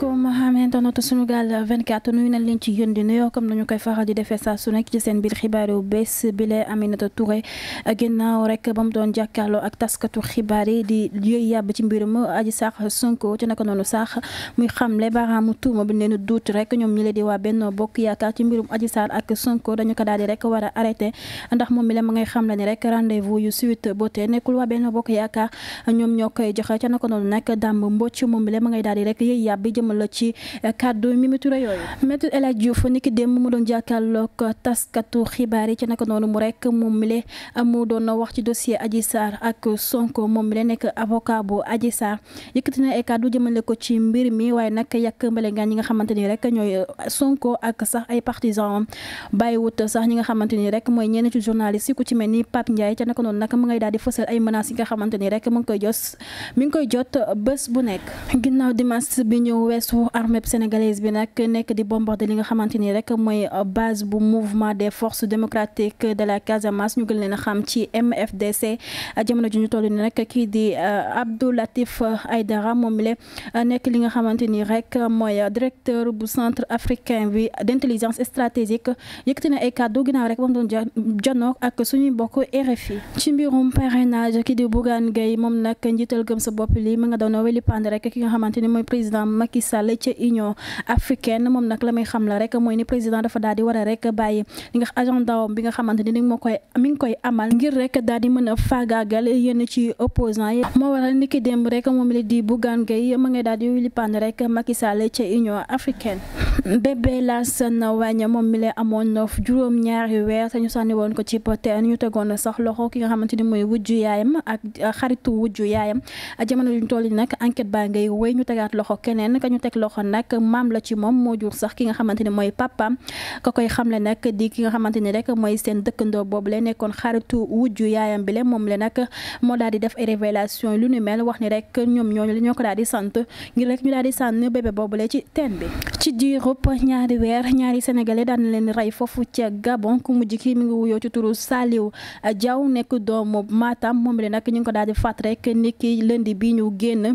asalaamaaleykum am internet suñu gaal 24 nuyu nañ leen ci yëndi nuyoo comme nañu koy faral di defee saa su nekk ci seen biir xibaar yu bees bi lee Aminata Touré ginnaaw rek ba mu doon jàkkaarloo ak taskatu xibaar yi di yëy yàbb ci mbirum aji sax Sonko ci naka noonu sax muy xamle baaraamu tuuma bi leen duut rek ñoom ñi leen saar ak Sonko dañu ko daal rek war a arrêté ndax moom mi ma ngay xam la rek rendez yu suite ba tey nekkul waa Benno Bokk Yaakaar ñoom ñoo joxe ca noonu nag dàmb mbocc moom mi ma ngay daal rek yëy yàbb jëmale ci eh, kàddu Mimi Touré yooyu. Maître El Hadj Diouf niki démb mu doon jàkkaarloog taskatu xibaar yi ci naka noonu mu rek moom mi la ah, mu doon wax ci dossier Adji Sarr ak Sonko moom mi la nekk avocat bu Adji Sarr yëkkati na ay kàddu jëmale ko ci mbir mi waaye nag yàq mbële ngaan ñi nga xamante ni rek ñooy eh, Sonko ak sax ay partisans bàyyiwut sax ñi nga xamante ni rek mooy ñenn ci journaliste yi ku ci mel ni Pape Ndiaye ca naka noonu nag mu ngay daal di fësal ay menaces yi nga xamante ni rek mu ngi koy jot mi ngi koy jot bés bu nekk ginnaaw dimanche bi ñëw weesu armée sénégalaise bi nag nekk di bombarder li nga xamante ni rek mooy euh, base bu mouvement des forces démocratiques de la Casamance ñu gën a xam ci MFDC jamono euh, Latif euh, Aydara moom le nekk li nga xamante ni rek mooy directeur bu centre africain bi d'intelligence stratégique yëkkati na ay kàddu ginnaaw rek ba mu doon janoo ak suñuy mbokk RFI. ci mbirum parrainage kii di Bougane Gueye moom nag njiital weli pand rek ki nga xamante mooy président Macky Sall ca Union africaine moom nag la muy xam la rek mooy ni président dafa daal di war a rek bàyyi li nga agenda bi nga xamante ni moo koy mi ngi koy amal ngir rek daal di mën a faagaagal yenn ci opposant yi moo waral ni ki démb rek moom la di Bougane Gueye ma ngay daal di wilipaan rek Macky Sall ca Union africaine Bébé Lassane Wagna moom mi lay amoon noof juróom ñaari weer sañu ñu woon ko ci teen ñu tegoon sax loxo ki nga xamante ni mooy wujju yaayam ak xaritu wujju yaayam jamono juñ toll nii nag enquête baa ngay wéy ñu tegaat loxo keneen ka ñu teg loxo nag maam la ci moom moo jur sax ki nga xamante ni mooy papaam ka koy xamle nag di ki nga xamante ni rek mooy seen dëkkandoo boobu la nekkoon xaritu wujju yaayam bi la moom la nag moo daal di def révélation lu ni mel wax ni rek ñoom ñooñu lañoo ko daal di sant ngir rek ñu daal di sànn bébé boobu la ci teen bi ci diir Europe ñaari weer ñaari sénégalais daan leen rey foofu ca Gabon ku mujj ki mi ngi wuyoo ci turu Saliou Diaw nekk doomu Matam moom la nag ñu ko daal faat rek ni ki lundi bi ñu génn uh,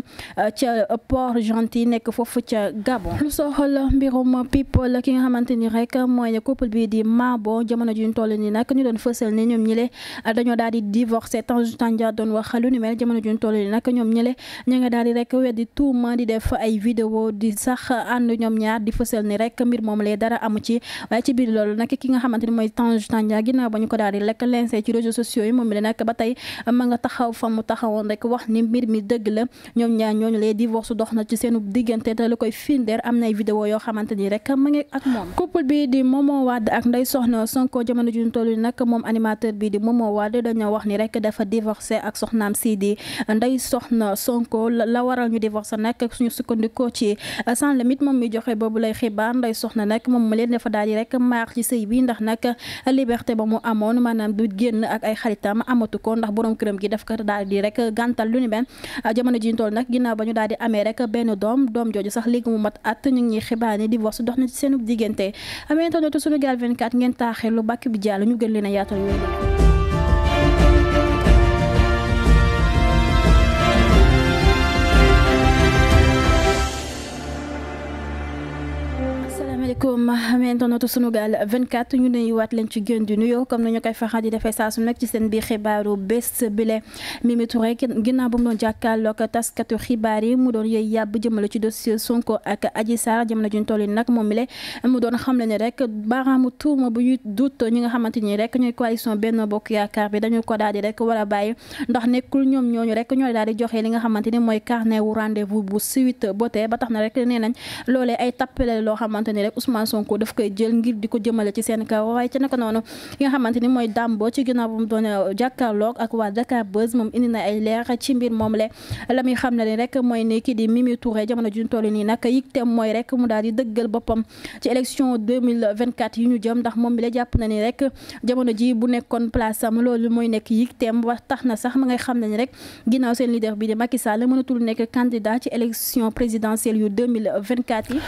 ca Port-Gentil nekk foofu ca Gabon. lu soxal mbirum ki nga xamante ni rek mooy couple bi di Mabo jamono ji ñu toll nii nag ñu doon fësal ne ñoom ñile uh, dañoo daal di divorcé Tange Tandian doon wax lu ni mel jamono ji ñu toll nii nag ñoom ñile ñu nga daal fësal ni rek mbir moom lee dara amu ci waaye ci biir loolu nag ki nga xamante mooy Tange Tandian ginnaaw ba ñu ko daal di lekk lincé ci réseaux sociaux yi moom mi le nag ba tey ma nga taxaw fa mu taxawoon rek wax ni mbir mi dëgg la ñoom ñaar na ci seenu diggante te lu koy findeer am nay vidéo yoo xamante ni rek ma ngi ak moom couple bi di Momo Wade ak Ndeye Soxna Sonko jamono juñ toll nag moom animateur bi di Momo Wade dañoo wax ni rek dafa divorcé ak soxnaam si di Ndeye Soxna Sonko la waral ñu divorcé nag suñu sukkandikoo ci sans limite moom mi joxe xibaar nday soxna nag moom ma leen dafa daal di rek maar ci sëy bi ndax nag liberté ba mu amoon maanaam du génn ak ay xaritam amatu ko ndax boroom këram gi daf ko daal di rek gàntal lu ni benn jamono ji ñu nag ginnaaw ba ñu daal di amee rek benn doom doom jooju sax léegi mu mat at ñu ngi ñuy xibaar ni divorce dox na ci seenu diggante amee internet Sunugal 24 ngeen taaxee lu bàkk bi jàll ñu gën leen a yaatal yooyu asalaamaaleykum maintenant Sunugal 24 ñu nuyuwaat leen ci gën di nuyoo comme ni ñu koy faral di saa su nekk ci seen biir xibaaru bés bile Mimi Touré ginnaaw ba mu doon jàkkaarloog taskatu xibaar yi mu doon yëy yàbb jëmale ci dossier Sonko ak Adji Sarr jamono juñ toll nag moom mi mu doon xamle ni rek baaraamu tuuma bu ñuy ñi nga xamante rek ñooy coalition Benno Bokk Yaakaar bi dañu ko daal rek war a bàyyi ndax nekkul ñoom ñooñu rek Ousmane Sonko daf koy jël ngir di ko jëmale ci seen kaw waaye ci naka noonu ki nga xamante ni mooy Dambo ci ginnaaw bu mu doon euh, jàkkaarloog ak waa Dakar Buzz moom indi na ay leer ci mbir moom le la muy xam ne rek mooy ni kii di Mimi Touré jamono juñ toll nii nag yitteem mooy rek mu daal di dëggal boppam ci élection 2024 yi ñu jëm ndax moom bi la jàpp na ni rek jamono ji bu nekkoon place am loolu mooy nekk yitteem wax tax na sax ma ngay xam ne ni rek ginnaaw seen leader bi di Macky Sall mënatul nekk candidat ci élection présidentielle yu 2024 yi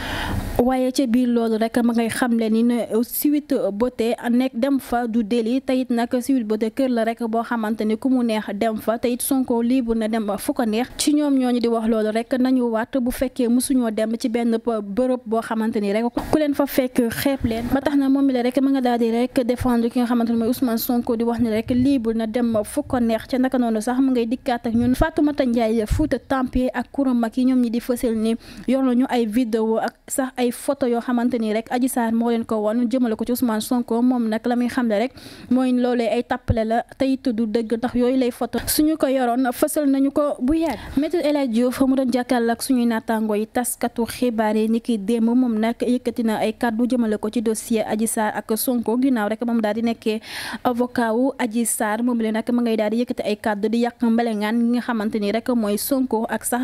waaye ca biir loolu Wade rek ma ngay xamle ni ne suite beauté nekk dem fa du délit te it nag suite beauté kër la rek boo xamante ni ku mu neex dem fa te it Sonko libre na dem fu ko neex ci ñoom ñooñu di wax loolu rek nañu waat bu fekkee mosuñoo dem ci benn bërëb boo xamante ni rek ku leen fa fekk xeeb leen tax na moom rek ma nga daal di rek défendre ki nga xamante ni mooy Ousmane Sonko di wax na dem fu ko neex ca naka noonu sax mu ngay dikkaat ak ñun Fatoumata Ndiaye Fouta Tampi ak kuram mag yi ñoom ñi di fësal ni yor ñu ay vidéo ak sax ay photo yoo xamante nii rek Adji Sarr moo leen ko moom la muy xamle ko yoroon fësal nañu ko bu yàgg Maître El Hadji Diouf mu doon jàkkaarloo ak suñuy yi taskatu xibaar yi ni ki démb na ay kàddu ko ci dossier Adji Sarr ak Sonko ginnaaw rek moom daal di nekkee avocat wu Adji Sarr moom leen ma ngay daal di yëkkati ay kàddu di yàq mbelengaan yi nga xamante ni rek mooy Sonko ak sax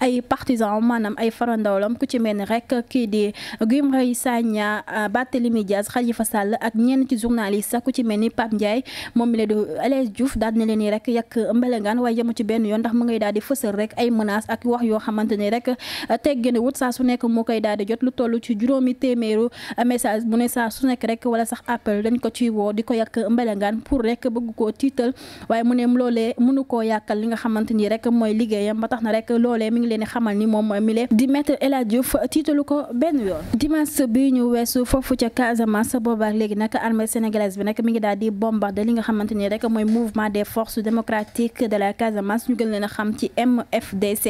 ay partisan maanaam ay farandawlam ku ci mel rek kii di Guy Guy Sagna euh, Barthélémy Diaz Khalifa Sall ak ñenn ci journaliste ku ci mel ni Pape Ndiaye moom mi la di Alain Diouf daal na leen ni rek yàq mbelengaan waaye yemu ci benn yoon ndax mu ngay daal di fësal rek ay menaces ak wax yoo xamante ni rek euh, teggene wut saa su nekk moo koy daal di jot lu toll ci juróomi téeméeru euh, message mu ne saa su nekk rek wala sax appel dañ ko ciy woo di ko yàq mbelengaan pour rek bëggu ko tiital waaye mu ne loolee mënu koo yàqal li nga xamante ni rek mooy liggéeyam ba tax na rek loolee mi ngi leen xamal ni moom mi le di maître El Hadji tiitalu ko benn yoon bi ñu weesu foofu ca Casamance boobaak léegi nag armée sénégalaise bi nag mi ngi daal di bombardé li nga xamante ni rek mooy mouvement des forces démocratiques de la Casamance ñu gën leen a xam ci MFDC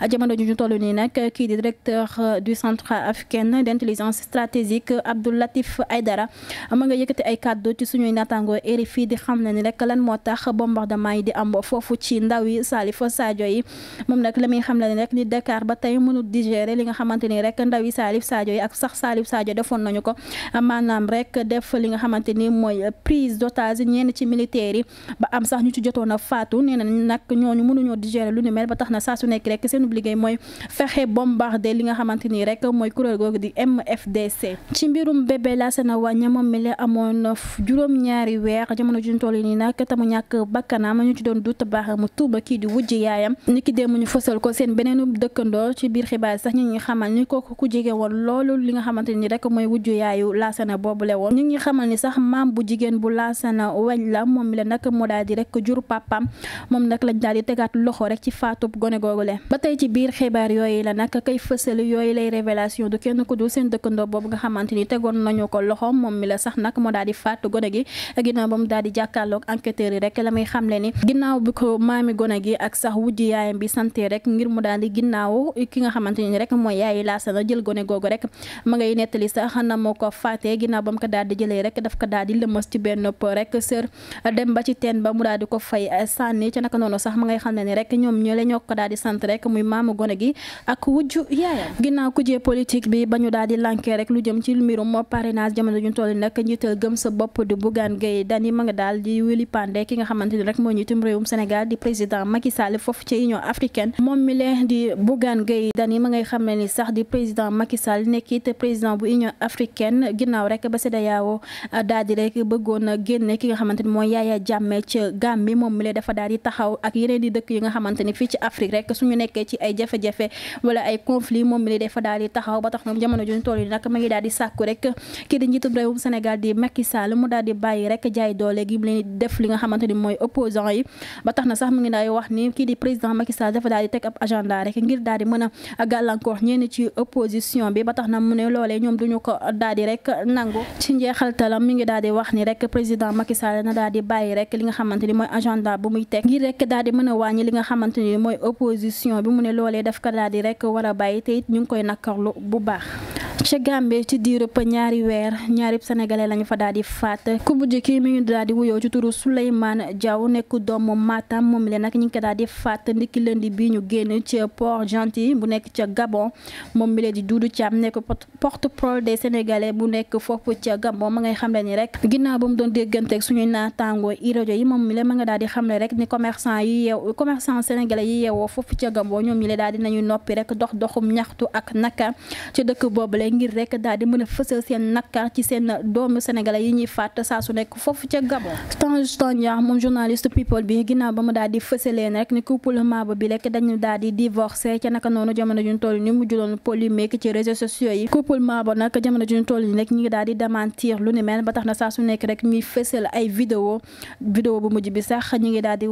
a ju ñu toll nii nag kii di directeur du centre africain d' stratégique Abdou Latif Aydara ma nga yëkkati ay kàddu ci suñuy naataangoo RFI di xam ne ni lan moo tax bombardement yi di am foofu ci ndaw Salif Sadio yi moom Salif Sadio defoon nañu ko maanaam rek def li nga xamante ni mooy prise d'otage ñenn ci militaires yi ba am sax ñu ci jotoon a faatu nee na nag ñooñu mënuñoo digérer lu ni mel ba tax na saa su nekk rek seen liggéey mooy fexe bombardé li nga xamante ni rek mooy kuréel googu di MFDC. ci mbirum bébé Lassana Wagne moom mi la amoon juróom-ñaari weer jamono juñ toll nii nag te mu ñàkk bakkanam ñu ci doon dut baax mu tuuba kii di wujj yaayam ñu fësal ko seen beneenu dëkkandoo ci biir xibaar sax ñi ngi xamal ni kooku ku xamante ni mooy wujju yaayu Laasana boobu le woon sax maam bu jigéen bu Laasana weñ la moom mi la nag moo daal di rek jur papam moom nag lañ daal di tegaat loxo rek ci faatub gone googu le ba tey ci biir xibaar yooyu la nag kay fësal yooyu lay révélation du kenn ku dul seen dëkkandoo boobu nga xamante ni tegoon nañu ko loxo moom mi la sax nag moo daal di faatu gone gi ginnaaw ba mu daal di jàkkaarloog enquêteurs yi rek la muy xamle ni ginnaaw bi ko maami gone gi ak sax wujju yaayam bi sante rek ngir mu daal di ginnaaw ki nga xamante ni rek mooy yaayi Laasana jël gone googu rek ma lay nettali sax na moo ko faatee ginnaaw ba mu ko daal di jëlee rek daf ko daal di lëmas ci rek sër dem ba ci teen ba mu daal ko fay eh, sànni ca naka noonu sax ma ngay xam ne ni rek ñoom la ñoo ko bi ba ñu daal di lankee rek lu jëm ci mbirum parrainage jamono ñu toll nag njiital gëm sa bopp di Bougane Gueye Dany ma nga daal di wili pandé ki nga réewum Sénégal di président Macky Sall foofu ci Union africaine moom mi leen di Bougane Gueye Dany ma ngay xam ne ni sax di président Macky Sall nekkit président bu union africaine ginnaaw rek ba CEDEAO ah, daal di ni mooy Yaya Jammeh ca di taxaw ak yeneen di dëkk yi ni fii ci Afrique rek suñu nekkee ci ay jafe-jafe wala ay conflit moom ba tax na jamono juñ toll yi nag ma ngi daal di sàkku rek kii di njiitu réewum Sénégal di Macky Sall mu daal di bàyyi rek jaay doole gi mu leen def li nga xamante ni mooy opposant yi ba tax na sax ngi daal di wax ni kii di président Macky Sall dafa daal di teg ab agenda rek ngir daal di mën a gàllankoor ñenn ci opposition bi ba tax na mu ne loolu loolee ñoom duñu ko daadi di rek nangu ci njeexaltalam mu ngi daal di wax ni rek président Macky Sall na daal di bàyyi rek li nga xamante ni mooy agenda bu muy teg ngir rek daal di mën a wàññi li nga xamante ni mooy opposition bi mu ne loolee def ko daal di rek war a bàyyi teyit ñu ngi koy nakkarlu bu baax ca gambe ci diirub ñaari weer ñaari sénégalais lañu fa daal di faat ku mujj kii mi ngi daal di wuyoo ci turu Souleymane Diaw nekk doomu Matam moom la nag ñu ngi ko daal di faat ndiki lëndi bi ñu génn ci Port Gentil bu nekk ca Gabon moom mi leen di Doudou Thiam nekk porte-parole des sénégalais bu nekk foofu ca Gabon ma ngay xamle ni rek ginnaaw ba mu doon dégganteeg suñuy naataangoo i rajo yi moom mi la ma nga daal di xamle rek ni commerçant yi yeew commerçant sénégalais yi yeewoo foofu ca Gabon ñoom ñi daal di nañu noppi rek dox doxum ñaxtu ak naka ci dëkk boobu loolee ngir rek daal di mën seen nakar ci seen doomu sénégalais yi ñuy faat saa su nekk foofu ca Gabon. Tange Tandian moom journaliste people bi ginnaaw ba mu daal di fësalee nag ni couple Maba bi rek naka noonu jamono juñ toll ñu ngi daal di démentir lu ni mel ba tax na saa su nekk rek ñuy fësal ay vidéo vidéo bu mujj bi sax ñu ngi daal di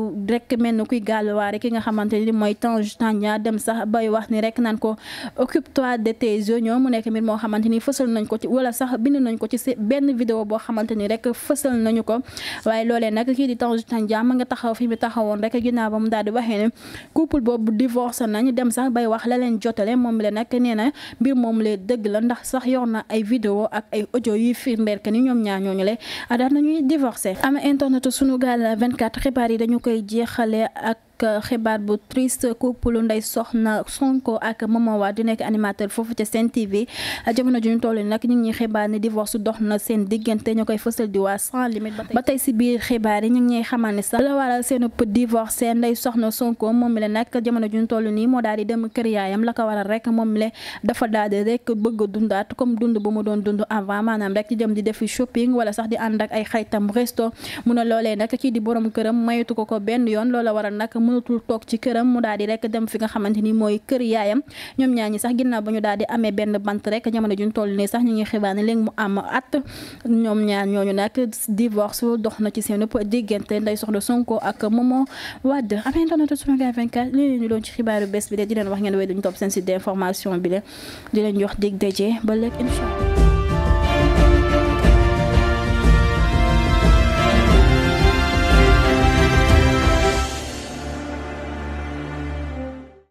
mel ni kuy gàlluwaare ki nga xamante ni mooy Tange Tandian dem sax bay wax ni rek naan ko occupe-toi de tes oignons mu ñaareel moo xamante ni fësal nañ ko ci wala sax bind nañ ko ci benn vidéo boo xamante ni rek fësal nañu ko waaye loolee nag kii di Tange Tandian nga taxaw fi mi taxawoon rek ginnaaw ba mu daal di waxee ne couple boobu divorce nañ dem sax bay wax la leen jotale moom la nag nee na mbir moom la dëgg la ndax sax yor na ay vidéo ak ay audio yuy firndeel que ni ñoom ñaar ñooñu le ah, daan nañuy divorcé am internet Sunugal 24 xibaar yi dañu koy jeexale ak xibaar bu triste couple Ndeye Soxna Sonko ak Maman Wade di nekk animateur foofu ca Sen TV jamono ji ñu toll nag ñu na seen diggante ñu koy fësal di waa sans limite ba tey si biir xibaar yi ñu ngi ñuy xamal ne sax la waral seen divorce Ndeye Soxna Sonko moom la nag jamono ji ñu nii moo daal di dem kër yaayam la ko waral rek moom la dafa daal di rek bëgg dundaat comme dund bu mu doon dund avant maanaam rek di dem di defi shopping wala sax di ànd ak ay xaytam resto mu ne loolee mënatul toog ci këram mu daal di rek dem fi nga xamante ni mooy kër yaayam ñoom ñaar ñi sax ginnaaw ba ñu daal di amee benn bant rek jamono juñ toll nii sax ñu ngi xibaar ne léegi mu am at ñoom ñaar ñooñu nag divorce dox na ci seen diggante Ndeye Soxna Sonko ak Momo Wade amee internet Sunugal 24 lii ñu doon ci xibaaru bés bi de di wax ngeen wéy duñ topp seen site d'information bi de di leen jox dig daje ba léegi